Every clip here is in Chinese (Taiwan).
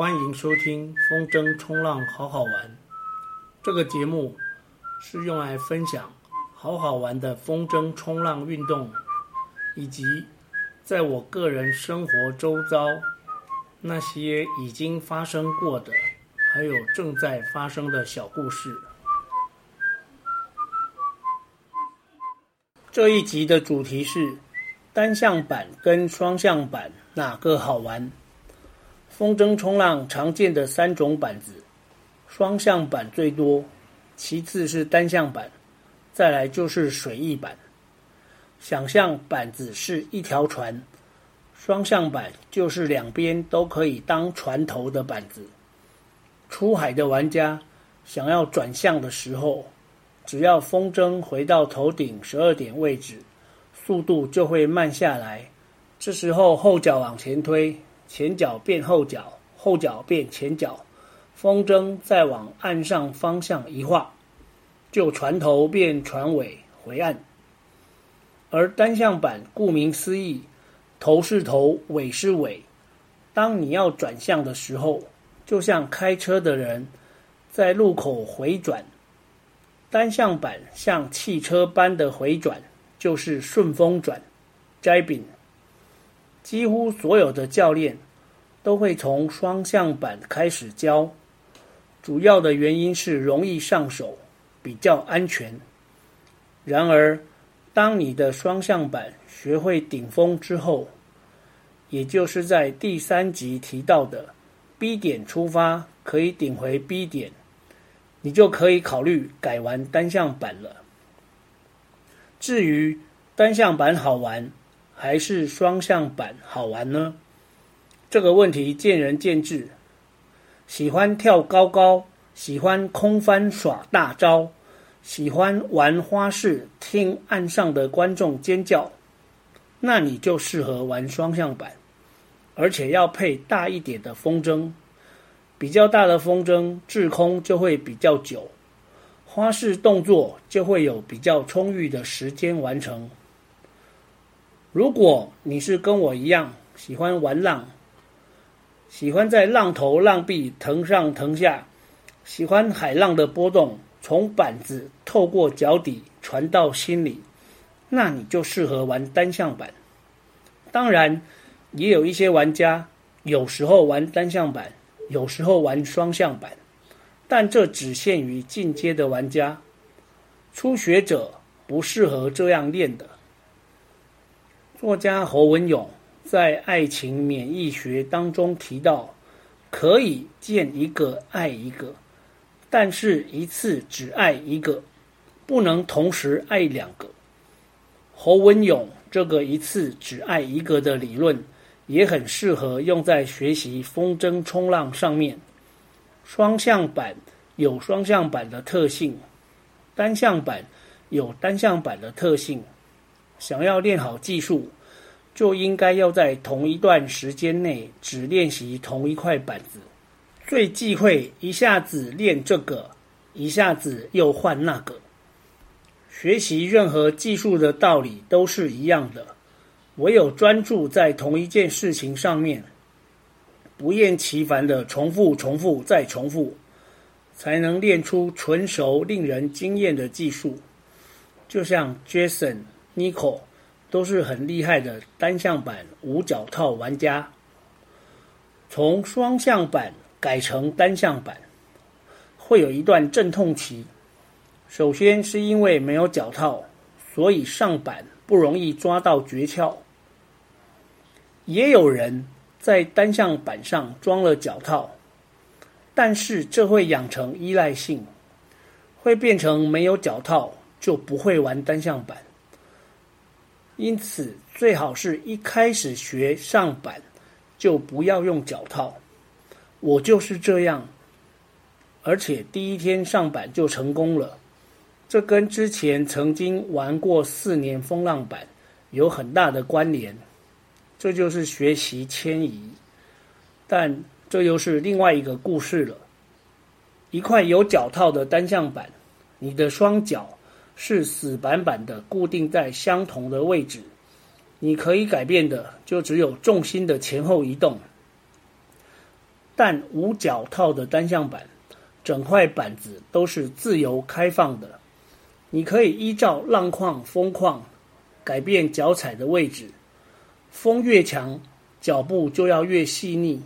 歡迎收聽風箏衝浪好好玩。這個節目是用來分享好好玩的風箏衝浪運動，以及在我個人生活周遭那些已經發生過的，還有正在發生的小故事。這一集的主題是單向板跟雙向板哪個好玩？風箏衝浪常見的三種板子，雙向板最多，其次是單向板，再來就是水翼板。想象板子是一條船，雙向板就是兩邊都可以當船頭的板子。出海的玩家想要轉向的時候，只要風箏回到頭頂十二點位置，速度就會慢下來，這時候後腳往前推。前腳變後腳，後腳變前腳，風箏再往岸上方向一劃，就船頭變船尾回岸。而單向板顧名思義，頭是頭，尾是尾。當你要轉向的時候，就像開車的人在路口回轉。單向板像汽車般的回轉，就是順風轉，Jibing。幾乎所有的教練都會從雙向板開始教，主要的原因是容易上手，比較安全。然而，當你的雙向板學會頂風之後，也就是在第三集提到的 B 點出發，可以頂回 B 點，你就可以考慮改玩單向板了。至於單向板好玩，還是雙向板好玩呢？這個問題見仁見智。喜歡跳高高，喜歡空翻耍大招，喜歡玩花式，聽岸上的觀眾尖叫，那你就適合玩雙向板，而且要配大一點的風箏。比較大的風箏滯空就會比較久，花式動作就會有比較充裕的時間完成。如果你是跟我一樣喜歡玩浪，喜歡在浪頭浪壁騰上騰下，喜歡海浪的波動從板子透過腳底傳到心裡，那你就適合玩單向板。當然，也有一些玩家有時候玩單向板，有時候玩雙向板，但這只限於進階的玩家，初學者不適合這樣練的。作家侯文詠在《愛情免疫學》當中提到，可以見一個愛一個，但是一次只愛一個，不能同時愛兩個。侯文詠這個一次只愛一個的理論，也很適合用在學習風箏衝浪上面。雙向板有雙向板的特性，單向板有單向板的特性。想要練好技術，就應該要在同一段時間內只練習同一塊板子，最忌諱一下子練這個，一下子又換那個。學習任何技術的道理都是一樣的，唯有專注在同一件事情上面，不厭其煩的重複、重複再重複，才能練出純熟、令人驚艷的技術。就像 Jason。Nico 都是很厲害的單向板無腳套玩家，從雙向板改成單向板，會有一段陣痛期。首先是因為沒有腳套，所以上板不容易抓到訣竅。也有人在單向板上裝了腳套，但是這會養成依賴性，會變成沒有腳套就不會玩單向板。因此，最好是一開始學上板就不要用腳套。我就是這樣，而且第一天上板就成功了。這跟之前曾經玩過四年風浪板有很大的關聯，這就是學習遷移。但這又是另外一個故事了。一塊有腳套的單向板，你的雙腳。是死板板的，固定在相同的位置。你可以改變的就只有重心的前後移動。但無腳套的單向板，整塊板子都是自由開放的。你可以依照浪況、風況，改變腳踩的位置。風越強，腳步就要越細膩。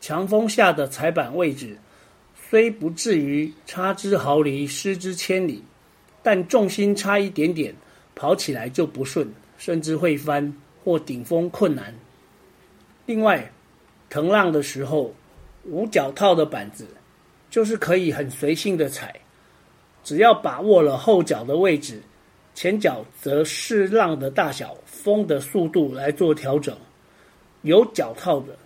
強風下的踩板位置，雖不至於差之毫釐，失之千里。但重心差一點點，跑起來就不順，甚至會翻或頂風困難。另外，騰浪的時候，無腳套的板子就是可以很隨性的踩，只要把握了後腳的位置，前腳則視浪的大小、風的速度來做調整。有腳套的，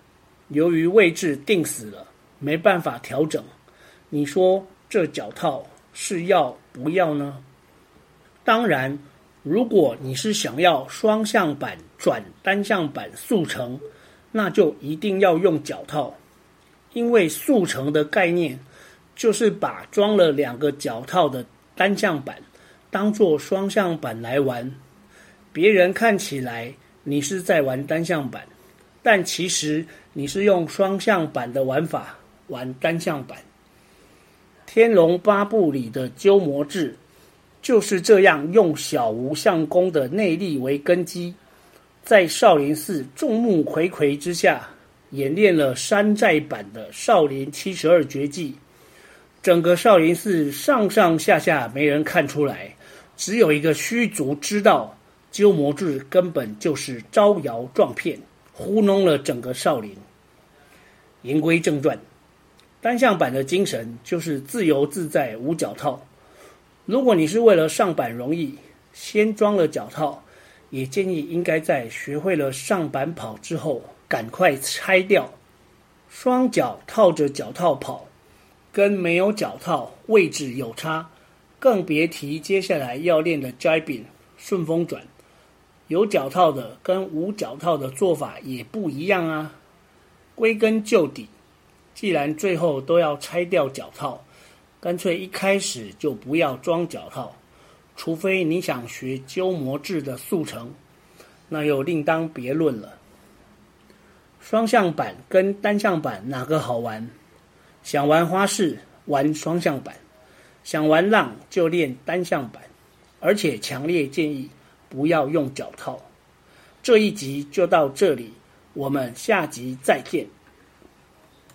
由於位置定死了，沒辦法調整。你說這腳套？是要不要呢？當然，如果你是想要雙向板轉單向板速成，那就一定要用腳套，因為速成的概念就是把裝了兩個腳套的單向板當做雙向板來玩。別人看起來你是在玩單向板，但其實你是用雙向板的玩法玩單向板。《天龍八部》裡的鳩摩智，就是這樣用小無相功的內力為根基，在少林寺眾目睽睽之下演練了山寨版的少林七十二絕技。整個少林寺上上下下沒人看出來，只有一個虛竹知道，鳩摩智根本就是招搖撞騙，糊弄了整個少林。言歸正傳。單向板的精神就是自由自在無腳套。如果你是為了上板容易，先裝了腳套，也建議應該在學會了上板跑之後，趕快拆掉。雙腳套着腳套跑，跟沒有腳套位置有差，更別提接下來要練的 jibing 順風轉，有腳套的跟無腳套的做法也不一樣啊。歸根究底。既然最後都要拆掉腳套，乾脆一開始就不要裝腳套，除非你想學鳩摩智的速成，那又另當別論了。雙向板跟單向板哪個好玩？想玩花式，玩雙向板；想玩浪就練單向板。而且強烈建議不要用腳套。這一集就到這裡，我們下集再見。